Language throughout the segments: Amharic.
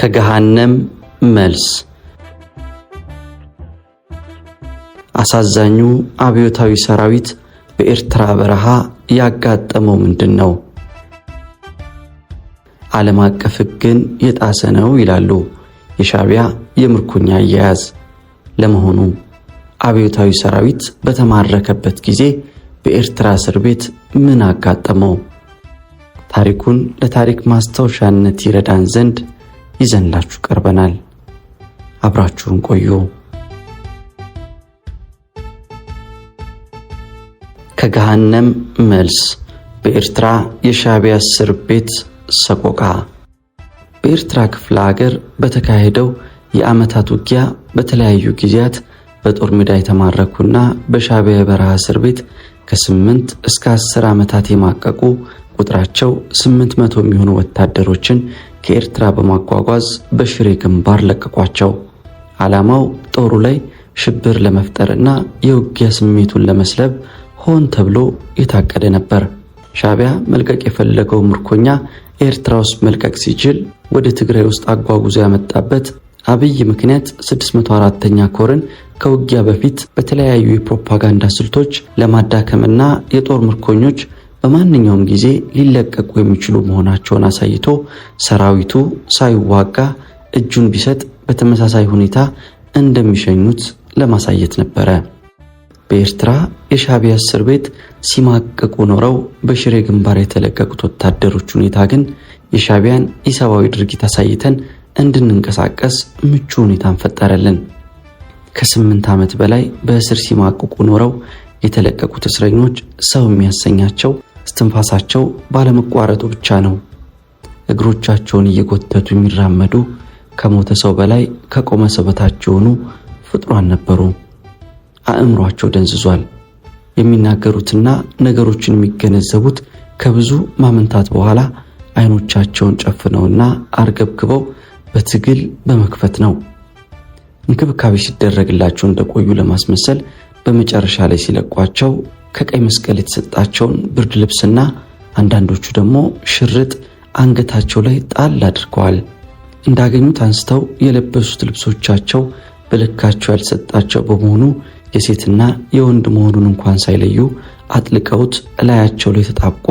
ከገሃነም መልስ አሳዛኙ አብዮታዊ ሰራዊት በኤርትራ በረሃ ያጋጠመው ምንድን ነው? ዓለም አቀፍ ሕግን የጣሰ ነው ይላሉ የሻቢያ የምርኮኛ አያያዝ። ለመሆኑ አብዮታዊ ሰራዊት በተማረከበት ጊዜ በኤርትራ እስር ቤት ምን አጋጠመው? ታሪኩን ለታሪክ ማስታወሻነት ይረዳን ዘንድ ይዘንላችሁ ቀርበናል። አብራችሁን ቆዩ። ከገሃነም መልስ በኤርትራ የሻቢያ እስር ቤት ሰቆቃ። በኤርትራ ክፍለ ሀገር በተካሄደው የዓመታት ውጊያ በተለያዩ ጊዜያት በጦር ሜዳ የተማረኩና በሻቢያ የበረሃ እስር ቤት ከስምንት እስከ አስር ዓመታት የማቀቁ ቁጥራቸው 800 መቶ የሚሆኑ ወታደሮችን ከኤርትራ በማጓጓዝ በሽሬ ግንባር ለቀቋቸው። ዓላማው ጦሩ ላይ ሽብር ለመፍጠርና የውጊያ ስሜቱን ለመስለብ ሆን ተብሎ የታቀደ ነበር። ሻቢያ መልቀቅ የፈለገው ምርኮኛ ኤርትራ ውስጥ መልቀቅ ሲችል ወደ ትግራይ ውስጥ አጓጉዞ ያመጣበት አብይ ምክንያት 604ኛ ኮርን ከውጊያ በፊት በተለያዩ የፕሮፓጋንዳ ስልቶች ለማዳከምና የጦር ምርኮኞች በማንኛውም ጊዜ ሊለቀቁ የሚችሉ መሆናቸውን አሳይቶ ሰራዊቱ ሳይዋጋ እጁን ቢሰጥ በተመሳሳይ ሁኔታ እንደሚሸኙት ለማሳየት ነበረ። በኤርትራ የሻቢያ እስር ቤት ሲማቀቁ ኖረው በሽሬ ግንባር የተለቀቁት ወታደሮች ሁኔታ ግን የሻቢያን ኢሰብአዊ ድርጊት አሳይተን እንድንንቀሳቀስ ምቹ ሁኔታን ፈጠረልን። ከስምንት ዓመት በላይ በእስር ሲማቅቁ ኖረው የተለቀቁት እስረኞች ሰው የሚያሰኛቸው እስትንፋሳቸው ባለመቋረጡ ብቻ ነው። እግሮቻቸውን እየጎተቱ የሚራመዱ ከሞተ ሰው በላይ ከቆመ ሰው በታች የሆኑ ፍጡራን ነበሩ። አእምሯቸው ደንዝዟል። የሚናገሩትና ነገሮችን የሚገነዘቡት ከብዙ ማመንታት በኋላ አይኖቻቸውን ጨፍነውና አርገብግበው በትግል በመክፈት ነው። እንክብካቤ ሲደረግላቸው እንደቆዩ ለማስመሰል በመጨረሻ ላይ ሲለቋቸው ከቀይ መስቀል የተሰጣቸውን ብርድ ልብስና አንዳንዶቹ ደግሞ ሽርጥ አንገታቸው ላይ ጣል አድርገዋል። እንዳገኙት አንስተው የለበሱት ልብሶቻቸው በልካቸው ያልሰጣቸው በመሆኑ የሴትና የወንድ መሆኑን እንኳን ሳይለዩ አጥልቀውት እላያቸው ላይ ተጣብቆ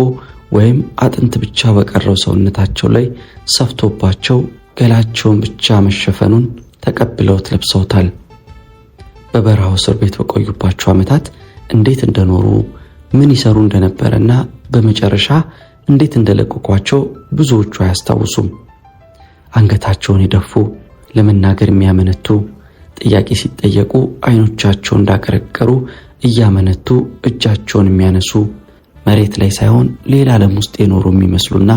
ወይም አጥንት ብቻ በቀረው ሰውነታቸው ላይ ሰፍቶባቸው ገላቸውን ብቻ መሸፈኑን ተቀብለውት ለብሰውታል። በበረሃው እስር ቤት በቆዩባቸው ዓመታት እንዴት እንደኖሩ ምን ይሰሩ እንደነበረና በመጨረሻ እንዴት እንደለቀቋቸው ብዙዎቹ አያስታውሱም። አንገታቸውን የደፉ፣ ለመናገር የሚያመነቱ ጥያቄ ሲጠየቁ አይኖቻቸው እንዳቀረቀሩ እያመነቱ እጃቸውን የሚያነሱ መሬት ላይ ሳይሆን ሌላ ዓለም ውስጥ የኖሩ የሚመስሉና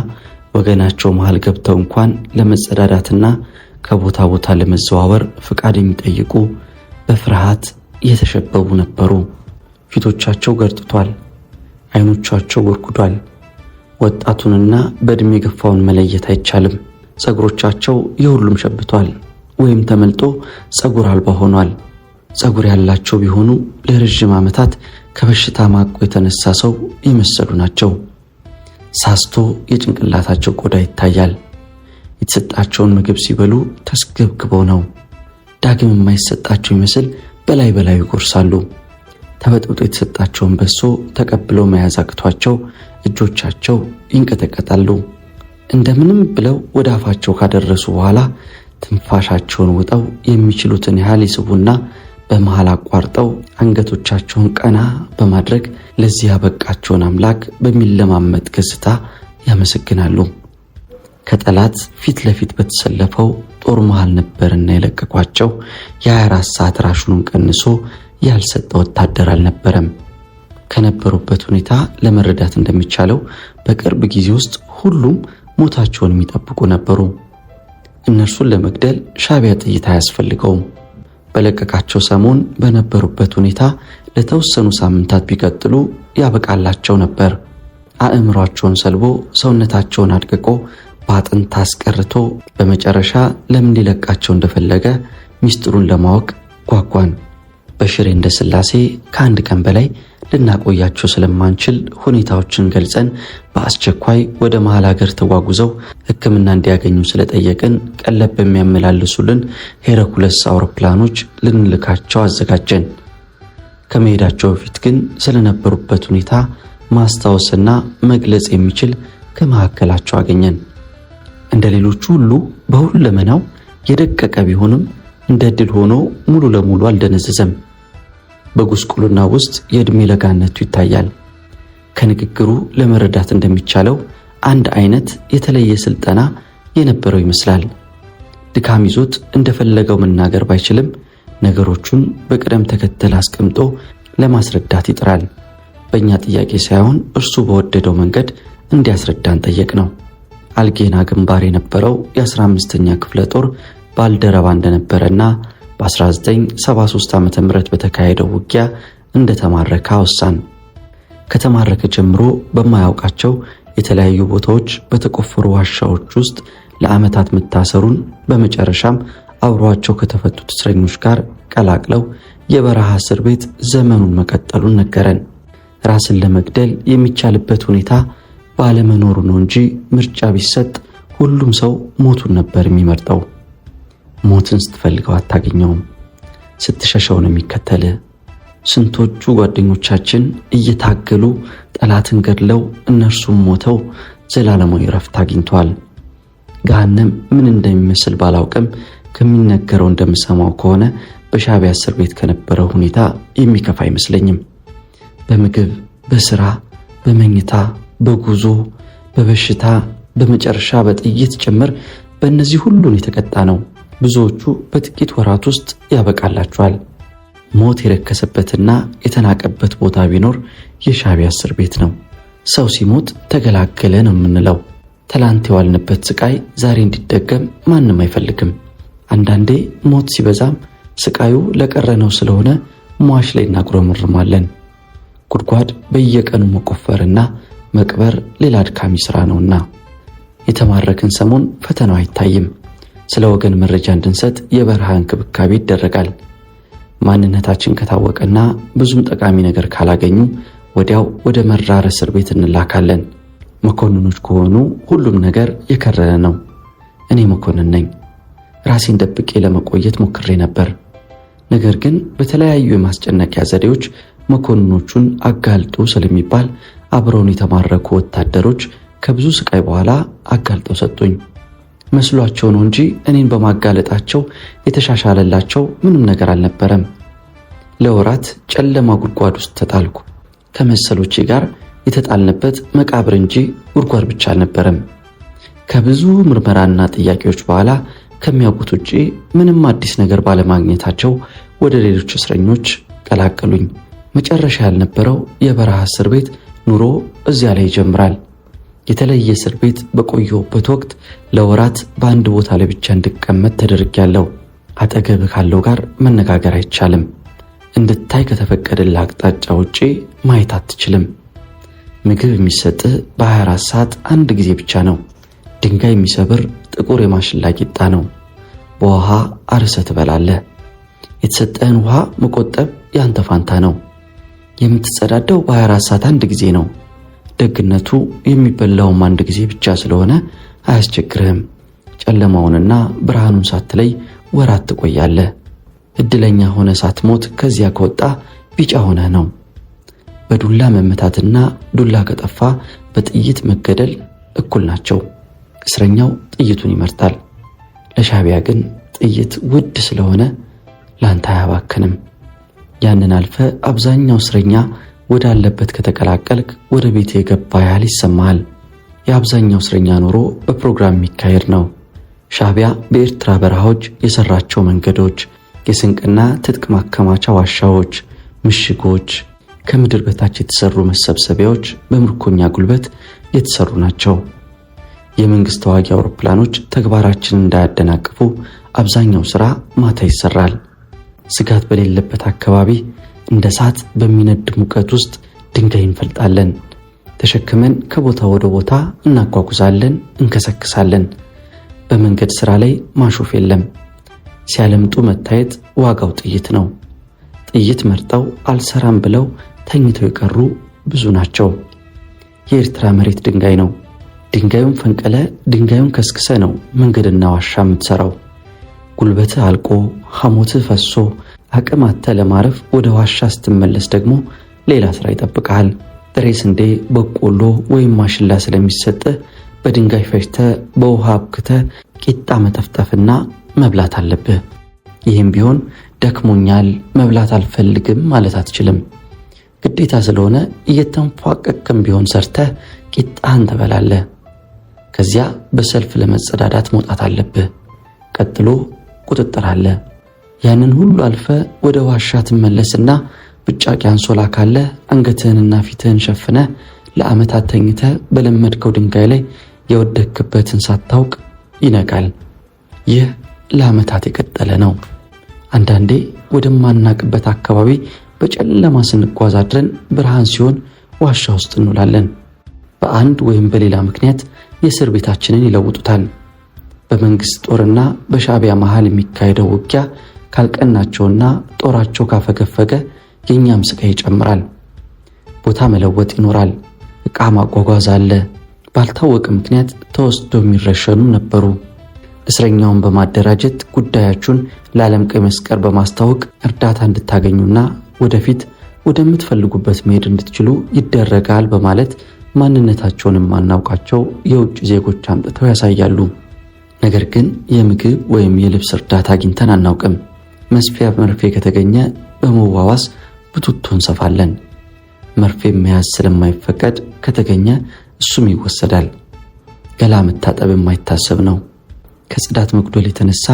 ወገናቸው መሃል ገብተው እንኳን ለመጸዳዳትና ከቦታ ቦታ ለመዘዋወር ፍቃድ የሚጠይቁ በፍርሃት የተሸበቡ ነበሩ። ፊቶቻቸው ገርጥቷል፣ አይኖቻቸው ወርኩዷል። ወጣቱንና በእድሜ የገፋውን መለየት አይቻልም። ፀጉሮቻቸው የሁሉም ሸብቷል። ወይም ተመልጦ ጸጉር አልባ ሆኗል። ጸጉር ያላቸው ቢሆኑ ለረዥም ዓመታት ከበሽታ ማቆ የተነሳ ሰው የመሰሉ ናቸው። ሳስቶ የጭንቅላታቸው ቆዳ ይታያል። የተሰጣቸውን ምግብ ሲበሉ ተስገብግበው ነው። ዳግም የማይሰጣቸው ይመስል በላይ በላይ ይጎርሳሉ። ተበጥብጦ የተሰጣቸውን በሶ ተቀብለው መያዝ አቅቷቸው እጆቻቸው ይንቀጠቀጣሉ። እንደምንም ብለው ወደ አፋቸው ካደረሱ በኋላ ትንፋሻቸውን ውጠው የሚችሉትን ያህል ይስቡና በመሃል አቋርጠው አንገቶቻቸውን ቀና በማድረግ ለዚህ ያበቃቸውን አምላክ በሚለማመጥ ገጽታ ያመሰግናሉ። ከጠላት ፊት ለፊት በተሰለፈው ጦር መሃል ነበርና የለቀቋቸው የ24 ሰዓት ራሹኑን ቀንሶ ያልሰጠ ወታደር አልነበረም። ከነበሩበት ሁኔታ ለመረዳት እንደሚቻለው በቅርብ ጊዜ ውስጥ ሁሉም ሞታቸውን የሚጠብቁ ነበሩ። እነርሱን ለመግደል ሻቢያ ጥይት አያስፈልገውም። በለቀቃቸው ሰሞን በነበሩበት ሁኔታ ለተወሰኑ ሳምንታት ቢቀጥሉ ያበቃላቸው ነበር። አእምሯቸውን ሰልቦ ሰውነታቸውን አድቅቆ በአጥንት አስቀርቶ በመጨረሻ ለምን ሊለቃቸው እንደፈለገ ሚስጥሩን ለማወቅ ጓጓን። በሽሬ እንደ ስላሴ ከአንድ ቀን በላይ ልናቆያቸው ስለማንችል ሁኔታዎችን ገልጸን በአስቸኳይ ወደ መሃል ሀገር ተጓጉዘው ሕክምና እንዲያገኙ ስለጠየቅን ቀለብ በሚያመላልሱልን ሄረኩለስ አውሮፕላኖች ልንልካቸው አዘጋጀን። ከመሄዳቸው በፊት ግን ስለነበሩበት ሁኔታ ማስታወስና መግለጽ የሚችል ከመካከላቸው አገኘን። እንደ ሌሎቹ ሁሉ በሁለመናው የደቀቀ ቢሆንም እንደ ድል ሆኖ ሙሉ ለሙሉ አልደነዘዘም። በጉስቁልና ውስጥ የዕድሜ ለጋነቱ ይታያል። ከንግግሩ ለመረዳት እንደሚቻለው አንድ አይነት የተለየ ስልጠና የነበረው ይመስላል። ድካም ይዞት እንደፈለገው መናገር ባይችልም ነገሮቹን በቅደም ተከተል አስቀምጦ ለማስረዳት ይጥራል። በእኛ ጥያቄ ሳይሆን እርሱ በወደደው መንገድ እንዲያስረዳን ጠየቅ ነው። አልጌና ግንባር የነበረው የ15ኛ ክፍለ ጦር ባልደረባ እንደነበረና በ1973 ዓ ም በተካሄደው ውጊያ እንደተማረከ አወሳን። ከተማረከ ጀምሮ በማያውቃቸው የተለያዩ ቦታዎች በተቆፈሩ ዋሻዎች ውስጥ ለዓመታት መታሰሩን በመጨረሻም አብሯቸው ከተፈቱት እስረኞች ጋር ቀላቅለው የበረሃ እስር ቤት ዘመኑን መቀጠሉን ነገረን። ራስን ለመግደል የሚቻልበት ሁኔታ ባለመኖሩ ነው እንጂ ምርጫ ቢሰጥ ሁሉም ሰው ሞቱን ነበር የሚመርጠው። ሞትን ስትፈልገው አታገኘውም። ስትሸሸው ነው የሚከተል። ስንቶቹ ጓደኞቻችን እየታገሉ ጠላትን ገድለው እነርሱም ሞተው ዘላለማዊ ረፍት አግኝቷል። ገሃነም ምን እንደሚመስል ባላውቅም ከሚነገረው እንደምሰማው ከሆነ በሻቢያ እስር ቤት ከነበረው ሁኔታ የሚከፋ አይመስለኝም። በምግብ፣ በስራ፣ በመኝታ፣ በጉዞ፣ በበሽታ፣ በመጨረሻ በጥይት ጭምር በእነዚህ ሁሉን የተቀጣ ነው። ብዙዎቹ በጥቂት ወራት ውስጥ ያበቃላቸዋል። ሞት የረከሰበትና የተናቀበት ቦታ ቢኖር የሻቢያ እስር ቤት ነው። ሰው ሲሞት ተገላገለ ነው የምንለው። ትላንት የዋልንበት ስቃይ ዛሬ እንዲደገም ማንም አይፈልግም። አንዳንዴ ሞት ሲበዛም ስቃዩ ለቀረ ነው ስለሆነ ሟሽ ላይ እናጉረመርማለን። ጉድጓድ በየቀኑ መቆፈርና መቅበር ሌላ አድካሚ ሥራ ነውና የተማረክን ሰሞን ፈተናው አይታይም። ስለ ወገን መረጃ እንድንሰጥ የበረሃ እንክብካቤ ይደረጋል። ማንነታችን ከታወቀና ብዙም ጠቃሚ ነገር ካላገኙ ወዲያው ወደ መራር እስር ቤት እንላካለን። መኮንኖች ከሆኑ ሁሉም ነገር የከረረ ነው። እኔ መኮንን ነኝ። ራሴን ደብቄ ለመቆየት ሞክሬ ነበር። ነገር ግን በተለያዩ የማስጨነቂያ ዘዴዎች መኮንኖቹን አጋልጦ ስለሚባል አብረውን የተማረኩ ወታደሮች ከብዙ ስቃይ በኋላ አጋልጠው ሰጡኝ። መስሏቸው ነው እንጂ እኔን በማጋለጣቸው የተሻሻለላቸው ምንም ነገር አልነበረም። ለወራት ጨለማ ጉድጓድ ውስጥ ተጣልኩ። ከመሰሎቼ ጋር የተጣልንበት መቃብር እንጂ ጉድጓድ ብቻ አልነበረም። ከብዙ ምርመራና ጥያቄዎች በኋላ ከሚያውቁት ውጪ ምንም አዲስ ነገር ባለማግኘታቸው ወደ ሌሎች እስረኞች ቀላቀሉኝ። መጨረሻ ያልነበረው የበረሃ እስር ቤት ኑሮ እዚያ ላይ ይጀምራል። የተለየ እስር ቤት በቆየሁበት ወቅት ለወራት በአንድ ቦታ ላይ ብቻ እንድቀመጥ ተደርጌያለሁ። አጠገብ ካለው ጋር መነጋገር አይቻልም። እንድታይ ከተፈቀደልህ አቅጣጫ ውጪ ማየት አትችልም። ምግብ የሚሰጥህ በ24 ሰዓት አንድ ጊዜ ብቻ ነው። ድንጋይ የሚሰብር ጥቁር የማሽላ ቂጣ ነው። በውሃ አርሰ ትበላለህ። የተሰጠህን ውሃ መቆጠብ ያንተ ፋንታ ነው። የምትጸዳደው በ24 ሰዓት አንድ ጊዜ ነው። ደግነቱ የሚበላውም አንድ ጊዜ ብቻ ስለሆነ አያስቸግርህም። ጨለማውንና ብርሃኑን ሳትለይ ወራት ትቆያለህ። እድለኛ ሆነ ሳትሞት ከዚያ ከወጣ ቢጫ ሆነ ነው። በዱላ መመታትና ዱላ ከጠፋ በጥይት መገደል እኩል ናቸው። እስረኛው ጥይቱን ይመርጣል። ለሻቢያ ግን ጥይት ውድ ስለሆነ ላንተ አያባክንም። ያንን አልፈ አብዛኛው እስረኛ ወዳለበት ከተቀላቀልክ ወደ ቤት የገባ ያህል ይሰማሃል። የአብዛኛው እስረኛ ኑሮ በፕሮግራም የሚካሄድ ነው። ሻቢያ በኤርትራ በረሃዎች የሰራቸው መንገዶች፣ የስንቅና ትጥቅ ማከማቻ ዋሻዎች፣ ምሽጎች፣ ከምድር በታች የተሰሩ መሰብሰቢያዎች በምርኮኛ ጉልበት የተሰሩ ናቸው። የመንግሥት ተዋጊ አውሮፕላኖች ተግባራችንን እንዳያደናቅፉ አብዛኛው ሥራ ማታ ይሰራል። ስጋት በሌለበት አካባቢ እንደ እሳት በሚነድ ሙቀት ውስጥ ድንጋይ እንፈልጣለን። ተሸክመን ከቦታ ወደ ቦታ እናጓጉዛለን፣ እንከሰክሳለን። በመንገድ ሥራ ላይ ማሾፍ የለም። ሲያለምጡ መታየት ዋጋው ጥይት ነው። ጥይት መርጠው አልሰራም ብለው ተኝተው የቀሩ ብዙ ናቸው። የኤርትራ መሬት ድንጋይ ነው። ድንጋዩን ፈንቅለ ድንጋዩን ከስክሰ ነው መንገድና ዋሻ የምትሰራው። ጉልበትህ አልቆ ሐሞትህ ፈሶ አቅም አተ ለማረፍ ወደ ዋሻ ስትመለስ ደግሞ ሌላ ስራ ይጠብቃል። ጥሬ ስንዴ፣ በቆሎ ወይም ማሽላ ስለሚሰጥህ በድንጋይ ፈጭተህ በውሃ አብክተ ቂጣ መጠፍጠፍና መብላት አለብህ። ይህም ቢሆን ደክሞኛል፣ መብላት አልፈልግም ማለት አትችልም። ግዴታ ስለሆነ እየተንፏቀቅም ቢሆን ሰርተ ቂጣህን ትበላለህ። ከዚያ በሰልፍ ለመጸዳዳት መውጣት አለብህ። ቀጥሎ ቁጥጥር አለ። ያንን ሁሉ አልፈ ወደ ዋሻ ትመለስና ብጫቂ አንሶላ ካለ አንገትህንና ፊትህን ሸፍነ ለዓመታት ተኝተ በለመድከው ድንጋይ ላይ የወደክበትን ሳታውቅ ይነቃል። ይህ ለዓመታት የቀጠለ ነው። አንዳንዴ ወደማናቅበት አካባቢ በጨለማ ስንጓዝ አድረን ብርሃን ሲሆን ዋሻ ውስጥ እንውላለን። በአንድ ወይም በሌላ ምክንያት የእስር ቤታችንን ይለውጡታል። በመንግሥት ጦርና በሻቢያ መሃል የሚካሄደው ውጊያ ካልቀናቸውና ጦራቸው ካፈገፈገ የእኛም ስቃይ ይጨምራል። ቦታ መለወጥ ይኖራል። ዕቃ ማጓጓዝ አለ። ባልታወቀ ምክንያት ተወስዶ የሚረሸኑም ነበሩ። እስረኛውን በማደራጀት ጉዳያችሁን ለዓለም ቀይ መስቀል በማስታወቅ እርዳታ እንድታገኙና ወደፊት ወደምትፈልጉበት መሄድ እንድትችሉ ይደረጋል በማለት ማንነታቸውን የማናውቃቸው የውጭ ዜጎች አምጥተው ያሳያሉ። ነገር ግን የምግብ ወይም የልብስ እርዳታ አግኝተን አናውቅም። መስፊያ መርፌ ከተገኘ በመዋዋስ ብቱቶ እንሰፋለን። መርፌ መያዝ ስለማይፈቀድ ከተገኘ እሱም ይወሰዳል። ገላ መታጠብ የማይታሰብ ነው። ከጽዳት መጉደል የተነሳ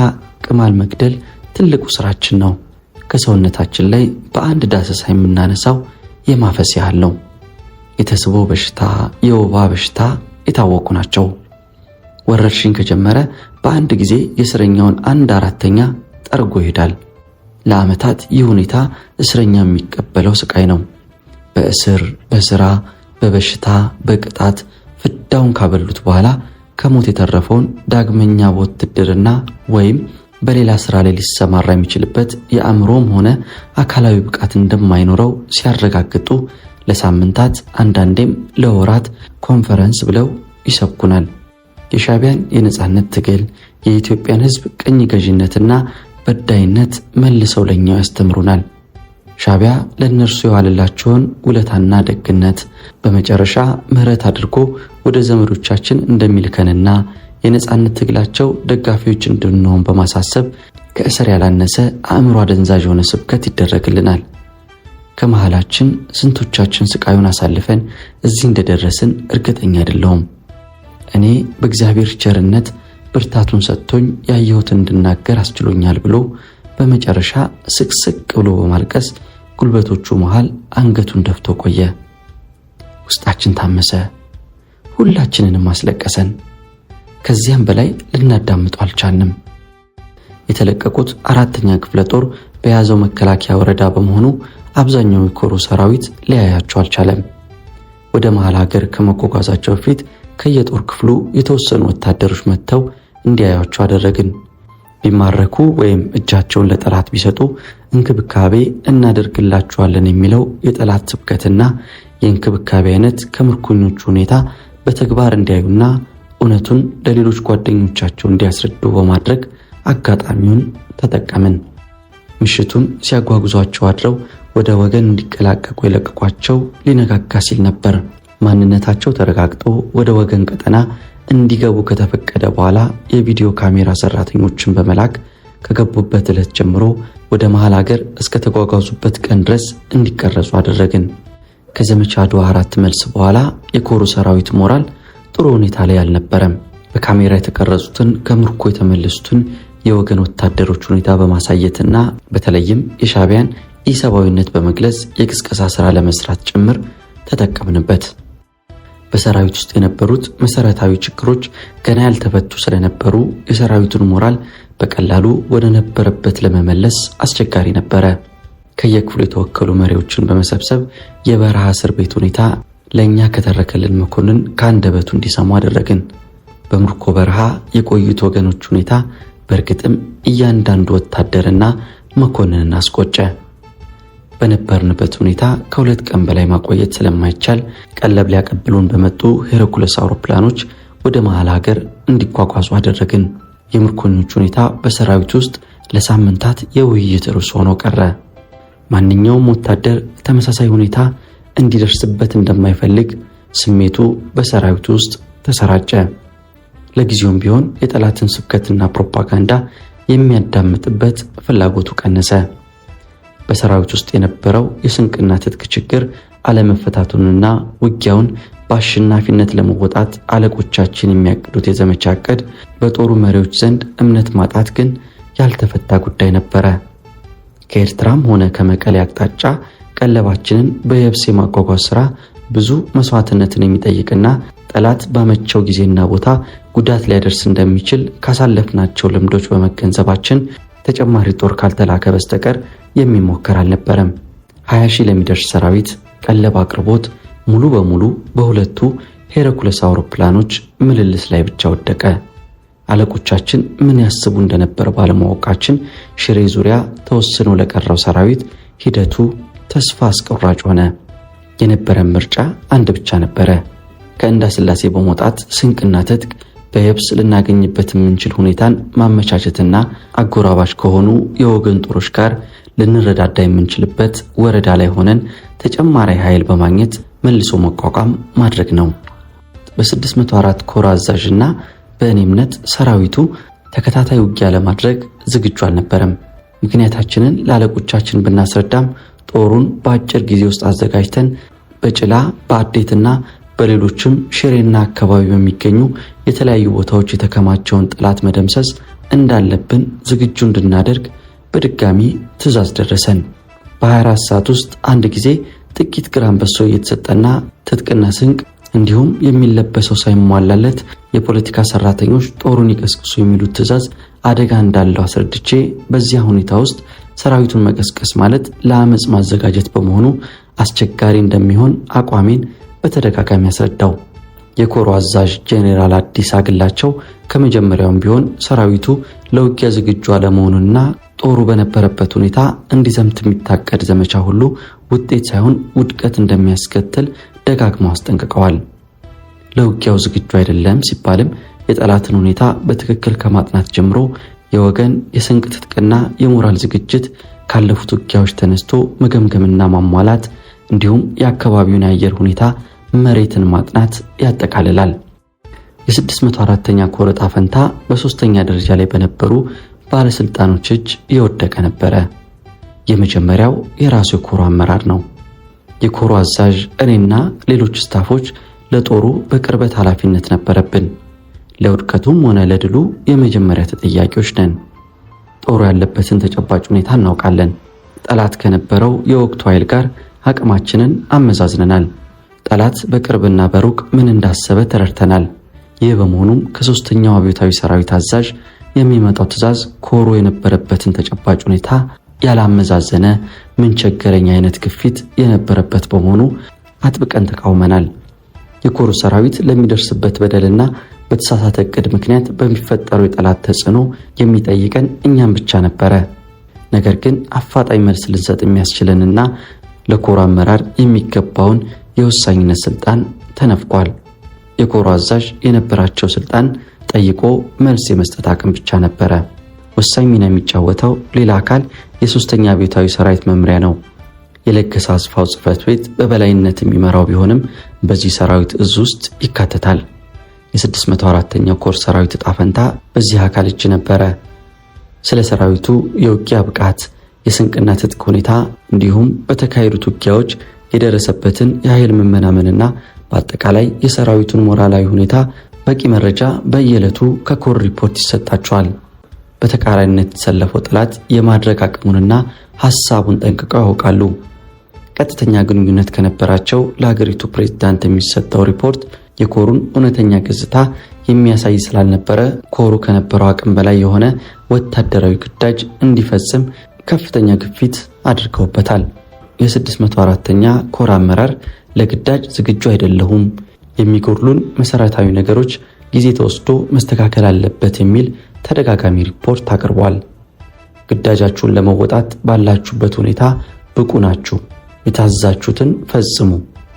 ቅማል መግደል ትልቁ ስራችን ነው። ከሰውነታችን ላይ በአንድ ዳሰሳ የምናነሳው የማፈስ ያህል ነው። የተስቦ በሽታ፣ የወባ በሽታ የታወቁ ናቸው። ወረርሽኝ ከጀመረ በአንድ ጊዜ የእስረኛውን አንድ አራተኛ ጠርጎ ይሄዳል። ለዓመታት ይህ ሁኔታ እስረኛ የሚቀበለው ስቃይ ነው። በእስር፣ በስራ፣ በበሽታ፣ በቅጣት ፍዳውን ካበሉት በኋላ ከሞት የተረፈውን ዳግመኛ በውትድርና ወይም በሌላ ስራ ላይ ሊሰማራ የሚችልበት የአእምሮም ሆነ አካላዊ ብቃት እንደማይኖረው ሲያረጋግጡ ለሳምንታት አንዳንዴም ለወራት ኮንፈረንስ ብለው ይሰብኩናል። የሻቢያን የነፃነት ትግል የኢትዮጵያን ሕዝብ ቅኝ ገዥነትና በዳይነት መልሰው ለኛው ያስተምሩናል። ሻቢያ ለእነርሱ የዋለላቸውን ውለታና ደግነት በመጨረሻ ምሕረት አድርጎ ወደ ዘመዶቻችን እንደሚልከንና የነፃነት ትግላቸው ደጋፊዎች እንድንሆን በማሳሰብ ከእስር ያላነሰ አእምሮ አደንዛዥ የሆነ ስብከት ይደረግልናል። ከመሃላችን ስንቶቻችን ስቃዩን አሳልፈን እዚህ እንደደረስን እርግጠኛ አይደለሁም። እኔ በእግዚአብሔር ቸርነት ብርታቱን ሰጥቶኝ ያየሁት እንድናገር አስችሎኛል ብሎ በመጨረሻ ስቅስቅ ብሎ በማልቀስ ጉልበቶቹ መሃል አንገቱን ደፍቶ ቆየ። ውስጣችን ታመሰ፣ ሁላችንንም አስለቀሰን። ከዚያም በላይ ልናዳምጡ አልቻንም። የተለቀቁት አራተኛ ክፍለ ጦር በያዘው መከላከያ ወረዳ በመሆኑ አብዛኛው የኮሮ ሰራዊት ሊያያቸው አልቻለም። ወደ መሃል ሀገር ከመጓጓዛቸው በፊት ከየጦር ክፍሉ የተወሰኑ ወታደሮች መጥተው እንዲያያቸው አደረግን። ቢማረኩ ወይም እጃቸውን ለጠላት ቢሰጡ እንክብካቤ እናደርግላቸዋለን የሚለው የጠላት ስብከትና የእንክብካቤ አይነት ከምርኮኞቹ ሁኔታ በተግባር እንዲያዩና እውነቱን ለሌሎች ጓደኞቻቸው እንዲያስረዱ በማድረግ አጋጣሚውን ተጠቀምን። ምሽቱን ሲያጓጉዟቸው አድረው ወደ ወገን እንዲቀላቀቁ የለቀቋቸው ሊነጋጋ ሲል ነበር። ማንነታቸው ተረጋግጦ ወደ ወገን ቀጠና እንዲገቡ ከተፈቀደ በኋላ የቪዲዮ ካሜራ ሰራተኞችን በመላክ ከገቡበት ዕለት ጀምሮ ወደ መሃል ሀገር እስከ ተጓጓዙበት ቀን ድረስ እንዲቀረጹ አደረግን። ከዘመቻ አድዋ አራት መልስ በኋላ የኮሩ ሰራዊት ሞራል ጥሩ ሁኔታ ላይ አልነበረም። በካሜራ የተቀረጹትን ከምርኮ የተመለሱትን የወገን ወታደሮች ሁኔታ በማሳየትና በተለይም የሻቢያን ኢሰብአዊነት በመግለጽ የቅስቀሳ ስራ ለመስራት ጭምር ተጠቀምንበት። በሰራዊት ውስጥ የነበሩት መሰረታዊ ችግሮች ገና ያልተፈቱ ስለነበሩ የሰራዊቱን ሞራል በቀላሉ ወደ ነበረበት ለመመለስ አስቸጋሪ ነበረ። ከየክፍሉ የተወከሉ መሪዎችን በመሰብሰብ የበረሃ እስር ቤት ሁኔታ ለእኛ ከተረከልን መኮንን ከአንደበቱ እንዲሰሙ አደረግን። በምርኮ በረሃ የቆዩት ወገኖች ሁኔታ በእርግጥም እያንዳንዱ ወታደርና መኮንንን አስቆጨ። በነበርንበት ሁኔታ ከሁለት ቀን በላይ ማቆየት ስለማይቻል ቀለብ ሊያቀብሉን በመጡ ሄረኩለስ አውሮፕላኖች ወደ መሃል ሀገር እንዲጓጓዙ አደረግን። የምርኮኞች ሁኔታ በሰራዊት ውስጥ ለሳምንታት የውይይት ርዕስ ሆኖ ቀረ። ማንኛውም ወታደር ተመሳሳይ ሁኔታ እንዲደርስበት እንደማይፈልግ ስሜቱ በሰራዊቱ ውስጥ ተሰራጨ። ለጊዜውም ቢሆን የጠላትን ስብከትና ፕሮፓጋንዳ የሚያዳምጥበት ፍላጎቱ ቀነሰ። በሰራዊት ውስጥ የነበረው የስንቅና ትጥቅ ችግር አለመፈታቱንና ውጊያውን በአሸናፊነት ለመወጣት አለቆቻችን የሚያቅዱት የዘመቻ ዕቅድ በጦሩ መሪዎች ዘንድ እምነት ማጣት ግን ያልተፈታ ጉዳይ ነበረ። ከኤርትራም ሆነ ከመቀሌ አቅጣጫ ቀለባችንን በየብስ የማጓጓዝ ሥራ ብዙ መስዋዕትነትን የሚጠይቅና ጠላት ባመቸው ጊዜና ቦታ ጉዳት ሊያደርስ እንደሚችል ካሳለፍናቸው ልምዶች በመገንዘባችን ተጨማሪ ጦር ካልተላከ በስተቀር የሚሞከር አልነበረም። 20 ሺህ ለሚደርስ ሰራዊት ቀለብ አቅርቦት ሙሉ በሙሉ በሁለቱ ሄረኩለስ አውሮፕላኖች ምልልስ ላይ ብቻ ወደቀ። አለቆቻችን ምን ያስቡ እንደነበር ባለማወቃችን ሽሬ ዙሪያ ተወስኖ ለቀረው ሰራዊት ሂደቱ ተስፋ አስቆራጭ ሆነ። የነበረን ምርጫ አንድ ብቻ ነበረ። ከእንዳ ስላሴ በመውጣት ስንቅና ትጥቅ በየብስ ልናገኝበት የምንችል ሁኔታን ማመቻቸትና አጎራባች ከሆኑ የወገን ጦሮች ጋር ልንረዳዳ የምንችልበት ወረዳ ላይ ሆነን ተጨማሪ ኃይል በማግኘት መልሶ መቋቋም ማድረግ ነው። በ604 ኮር አዛዥ እና በእኔ እምነት ሰራዊቱ ተከታታይ ውጊያ ለማድረግ ዝግጁ አልነበረም። ምክንያታችንን ላለቆቻችን ብናስረዳም ጦሩን በአጭር ጊዜ ውስጥ አዘጋጅተን በጭላ በአዴትና በሌሎችም ሽሬና አካባቢ በሚገኙ የተለያዩ ቦታዎች የተከማቸውን ጠላት መደምሰስ እንዳለብን ዝግጁ እንድናደርግ በድጋሚ ትዕዛዝ ደረሰን። በ24 ሰዓት ውስጥ አንድ ጊዜ ጥቂት ግራ በሶ እየተሰጠና ትጥቅና ስንቅ እንዲሁም የሚለበሰው ሳይሟላለት የፖለቲካ ሰራተኞች ጦሩን ይቀስቅሱ የሚሉት ትዕዛዝ አደጋ እንዳለው አስረድቼ በዚያ ሁኔታ ውስጥ ሰራዊቱን መቀስቀስ ማለት ለአመፅ ማዘጋጀት በመሆኑ አስቸጋሪ እንደሚሆን አቋሜን በተደጋጋሚ ያስረዳው። የኮሮ አዛዥ ጄኔራል አዲስ አግላቸው ከመጀመሪያውም ቢሆን ሰራዊቱ ለውጊያ ዝግጁ አለመሆኑና ጦሩ በነበረበት ሁኔታ እንዲዘምት የሚታቀድ ዘመቻ ሁሉ ውጤት ሳይሆን ውድቀት እንደሚያስከትል ደጋግመው አስጠንቅቀዋል። ለውጊያው ዝግጁ አይደለም ሲባልም የጠላትን ሁኔታ በትክክል ከማጥናት ጀምሮ የወገን የስንቅ ትጥቅና የሞራል ዝግጅት ካለፉት ውጊያዎች ተነስቶ መገምገምና ማሟላት እንዲሁም የአካባቢውን የአየር ሁኔታ መሬትን ማጥናት ያጠቃልላል። የ604ኛ ኮረጣ ፈንታ በሦስተኛ ደረጃ ላይ በነበሩ ባለስልጣኖች እጅ የወደቀ ነበረ። የመጀመሪያው የራሱ የኮሮ አመራር ነው። የኮሮ አዛዥ እኔና ሌሎች ስታፎች ለጦሩ በቅርበት ኃላፊነት ነበረብን። ለውድቀቱም ሆነ ለድሉ የመጀመሪያ ተጠያቂዎች ነን። ጦሩ ያለበትን ተጨባጭ ሁኔታ እናውቃለን። ጠላት ከነበረው የወቅቱ ኃይል ጋር አቅማችንን አመዛዝነናል። ጠላት በቅርብና በሩቅ ምን እንዳሰበ ተረድተናል። ይህ በመሆኑም ከሦስተኛው አብዮታዊ ሰራዊት አዛዥ የሚመጣው ትዕዛዝ ኮሮ የነበረበትን ተጨባጭ ሁኔታ ያላመዛዘነ ምን ቸገረኝ አይነት ግፊት የነበረበት በመሆኑ አጥብቀን ተቃውመናል። የኮሮ ሰራዊት ለሚደርስበት በደልና በተሳሳተ እቅድ ምክንያት በሚፈጠሩ የጠላት ተጽዕኖ የሚጠይቀን እኛም ብቻ ነበረ። ነገር ግን አፋጣኝ መልስ ልንሰጥ የሚያስችለንና ለኮሮ አመራር የሚገባውን የወሳኝነት ስልጣን ተነፍቋል። የኮሮ አዛዥ የነበራቸው ስልጣን ጠይቆ መልስ የመስጠት አቅም ብቻ ነበረ። ወሳኝ ሚና የሚጫወተው ሌላ አካል የሶስተኛ ቤታዊ ሰራዊት መምሪያ ነው። የለገሰ አስፋው ጽህፈት ቤት በበላይነት የሚመራው ቢሆንም በዚህ ሰራዊት እዝ ውስጥ ይካተታል። የ604ኛው ኮር ሰራዊት እጣ ፈንታ በዚህ አካል እጅ ነበረ። ስለ ሰራዊቱ የውጊያ ብቃት፣ የስንቅና ትጥቅ ሁኔታ እንዲሁም በተካሄዱት ውጊያዎች የደረሰበትን የኃይል መመናመንና በአጠቃላይ የሰራዊቱን ሞራላዊ ሁኔታ በቂ መረጃ በየዕለቱ ከኮር ሪፖርት ይሰጣቸዋል። በተቃራኒነት የተሰለፈው ጠላት የማድረግ አቅሙንና ሐሳቡን ጠንቅቀው ያውቃሉ። ቀጥተኛ ግንኙነት ከነበራቸው ለሀገሪቱ ፕሬዝዳንት የሚሰጠው ሪፖርት የኮሩን እውነተኛ ገጽታ የሚያሳይ ስላልነበረ ኮሩ ከነበረው አቅም በላይ የሆነ ወታደራዊ ግዳጅ እንዲፈጽም ከፍተኛ ግፊት አድርገውበታል። የ604ኛ ኮር አመራር ለግዳጅ ዝግጁ አይደለሁም፣ የሚጎድሉን መሰረታዊ ነገሮች ጊዜ ተወስዶ መስተካከል አለበት የሚል ተደጋጋሚ ሪፖርት አቅርቧል። ግዳጃችሁን ለመወጣት ባላችሁበት ሁኔታ ብቁ ናችሁ፣ የታዘዛችሁትን ፈጽሙ፣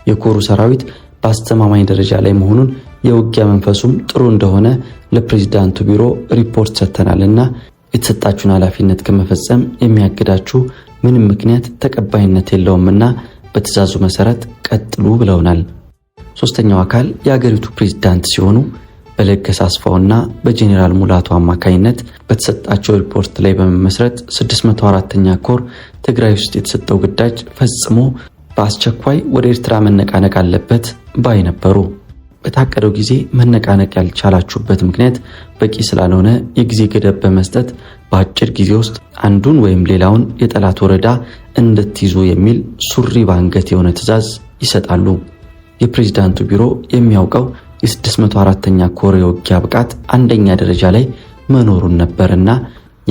የኮሩ ሰራዊት በአስተማማኝ ደረጃ ላይ መሆኑን የውጊያ መንፈሱም ጥሩ እንደሆነ ለፕሬዚዳንቱ ቢሮ ሪፖርት ሰጥተናልና የተሰጣችሁን ኃላፊነት ከመፈጸም የሚያግዳችሁ ምንም ምክንያት ተቀባይነት የለውምና በትዕዛዙ መሰረት ቀጥሉ ብለውናል። ሶስተኛው አካል የአገሪቱ ፕሬዝዳንት ሲሆኑ በለገሰ አስፋውና በጄኔራል ሙላቱ አማካኝነት በተሰጣቸው ሪፖርት ላይ በመመስረት 604ኛ ኮር ትግራይ ውስጥ የተሰጠው ግዳጅ ፈጽሞ በአስቸኳይ ወደ ኤርትራ መነቃነቅ አለበት ባይ ነበሩ። በታቀደው ጊዜ መነቃነቅ ያልቻላችሁበት ምክንያት በቂ ስላልሆነ የጊዜ ገደብ በመስጠት በአጭር ጊዜ ውስጥ አንዱን ወይም ሌላውን የጠላት ወረዳ እንድትይዙ የሚል ሱሪ በአንገት የሆነ ትዕዛዝ ይሰጣሉ። የፕሬዚዳንቱ ቢሮ የሚያውቀው የ604ኛ ኮር የውጊያ ብቃት አንደኛ ደረጃ ላይ መኖሩን ነበርና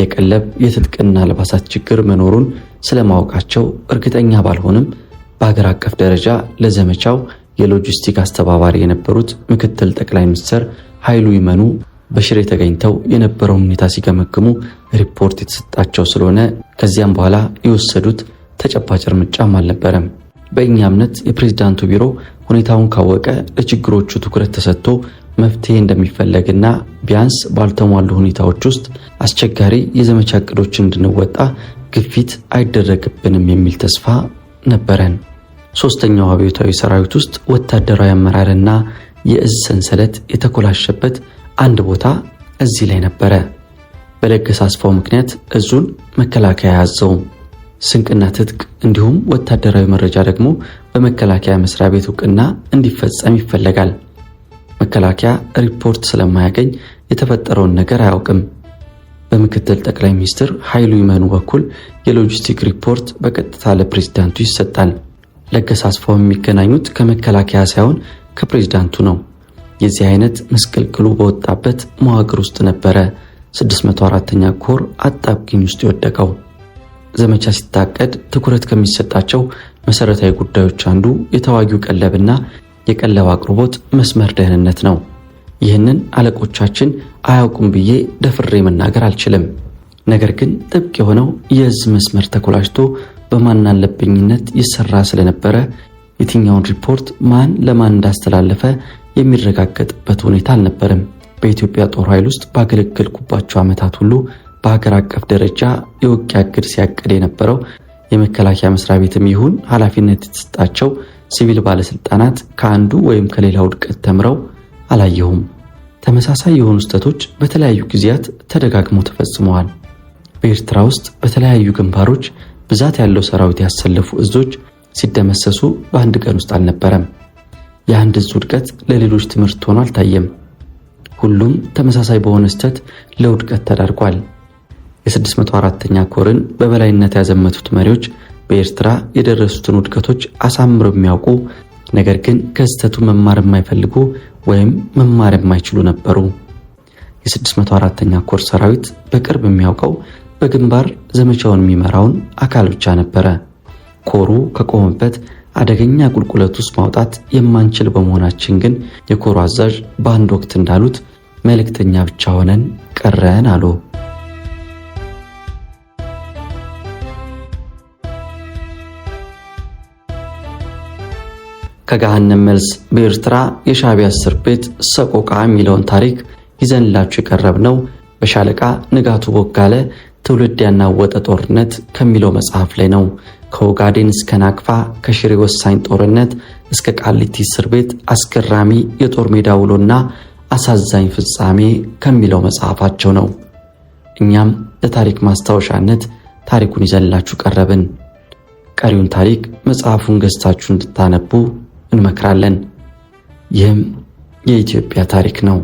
የቀለብ የትጥቅና አልባሳት ችግር መኖሩን ስለማወቃቸው እርግጠኛ ባልሆንም በሀገር አቀፍ ደረጃ ለዘመቻው የሎጂስቲክ አስተባባሪ የነበሩት ምክትል ጠቅላይ ሚኒስትር ኃይሉ ይመኑ በሽሬ ተገኝተው የነበረውን ሁኔታ ሲገመግሙ ሪፖርት የተሰጣቸው ስለሆነ ከዚያም በኋላ የወሰዱት ተጨባጭ እርምጃም አልነበረም። በእኛ እምነት የፕሬዝዳንቱ ቢሮ ሁኔታውን ካወቀ ለችግሮቹ ትኩረት ተሰጥቶ መፍትሄ እንደሚፈለግና ቢያንስ ባልተሟሉ ሁኔታዎች ውስጥ አስቸጋሪ የዘመቻ እቅዶችን እንድንወጣ ግፊት አይደረግብንም የሚል ተስፋ ነበረን። ሦስተኛው አብዮታዊ ሰራዊት ውስጥ ወታደራዊ አመራርና የእዝ ሰንሰለት የተኮላሸበት አንድ ቦታ እዚህ ላይ ነበረ። በለገሰ አስፋው ምክንያት እዙን መከላከያ ያዘውም። ስንቅና ትጥቅ እንዲሁም ወታደራዊ መረጃ ደግሞ በመከላከያ መስሪያ ቤት እውቅና እንዲፈጸም ይፈለጋል። መከላከያ ሪፖርት ስለማያገኝ የተፈጠረውን ነገር አያውቅም። በምክትል ጠቅላይ ሚኒስትር ኃይሉ ይመኑ በኩል የሎጂስቲክ ሪፖርት በቀጥታ ለፕሬዚዳንቱ ይሰጣል። ለገሰ አስፋው የሚገናኙት ከመከላከያ ሳይሆን ከፕሬዝዳንቱ ነው። የዚህ አይነት ምስቅልቅሉ በወጣበት መዋቅር ውስጥ ነበረ 604ኛ ኮር አጣብቂኝ ውስጥ የወደቀው። ዘመቻ ሲታቀድ ትኩረት ከሚሰጣቸው መሰረታዊ ጉዳዮች አንዱ የተዋጊው ቀለብና የቀለብ አቅርቦት መስመር ደህንነት ነው። ይህንን አለቆቻችን አያውቁም ብዬ ደፍሬ መናገር አልችልም። ነገር ግን ጥብቅ የሆነው የእዝ መስመር ተኮላጅቶ በማናለብኝነት ይሰራ ስለነበረ የትኛውን ሪፖርት ማን ለማን እንዳስተላለፈ የሚረጋገጥበት ሁኔታ አልነበረም። በኢትዮጵያ ጦር ኃይል ውስጥ ባገለገልኩባቸው ዓመታት ሁሉ በሀገር አቀፍ ደረጃ የውጊያ እቅድ ሲያቅድ የነበረው የመከላከያ መስሪያ ቤትም ይሁን ኃላፊነት የተሰጣቸው ሲቪል ባለስልጣናት ከአንዱ ወይም ከሌላው ውድቀት ተምረው አላየሁም። ተመሳሳይ የሆኑ ስህተቶች በተለያዩ ጊዜያት ተደጋግመው ተፈጽመዋል። በኤርትራ ውስጥ በተለያዩ ግንባሮች ብዛት ያለው ሰራዊት ያሰለፉ እዞች ሲደመሰሱ በአንድ ቀን ውስጥ አልነበረም። የአንድ እዝ ውድቀት ለሌሎች ትምህርት ሆኖ አልታየም። ሁሉም ተመሳሳይ በሆነ ስህተት ለውድቀት ተዳርጓል። የ604ኛ ኮርን በበላይነት ያዘመቱት መሪዎች በኤርትራ የደረሱትን ውድቀቶች አሳምረው የሚያውቁ ነገር ግን ከስህተቱ መማር የማይፈልጉ ወይም መማር የማይችሉ ነበሩ። የ604ኛ ኮር ሰራዊት በቅርብ የሚያውቀው በግንባር ዘመቻውን የሚመራውን አካል ብቻ ነበረ። ኮሩ ከቆመበት አደገኛ ቁልቁለት ውስጥ ማውጣት የማንችል በመሆናችን ግን የኮሩ አዛዥ በአንድ ወቅት እንዳሉት መልእክተኛ ብቻ ሆነን ቀረን አሉ። ከገሃነም መልስ በኤርትራ የሻቢያ እስር ቤት ሰቆቃ የሚለውን ታሪክ ይዘንላችሁ ነው። በሻለቃ ንጋቱ ቦጋለ ትውልድ ያናወጠ ጦርነት ከሚለው መጽሐፍ ላይ ነው። ከኦጋዴን እስከ ናቅፋ፣ ከሽሬ ወሳኝ ጦርነት እስከ ቃሊቲ እስር ቤት አስገራሚ የጦር ሜዳ ውሎና አሳዛኝ ፍጻሜ ከሚለው መጽሐፋቸው ነው። እኛም ለታሪክ ማስታወሻነት ታሪኩን ይዘላችሁ ቀረብን። ቀሪውን ታሪክ መጽሐፉን ገዝታችሁ እንድታነቡ እንመክራለን። ይህም የኢትዮጵያ ታሪክ ነው።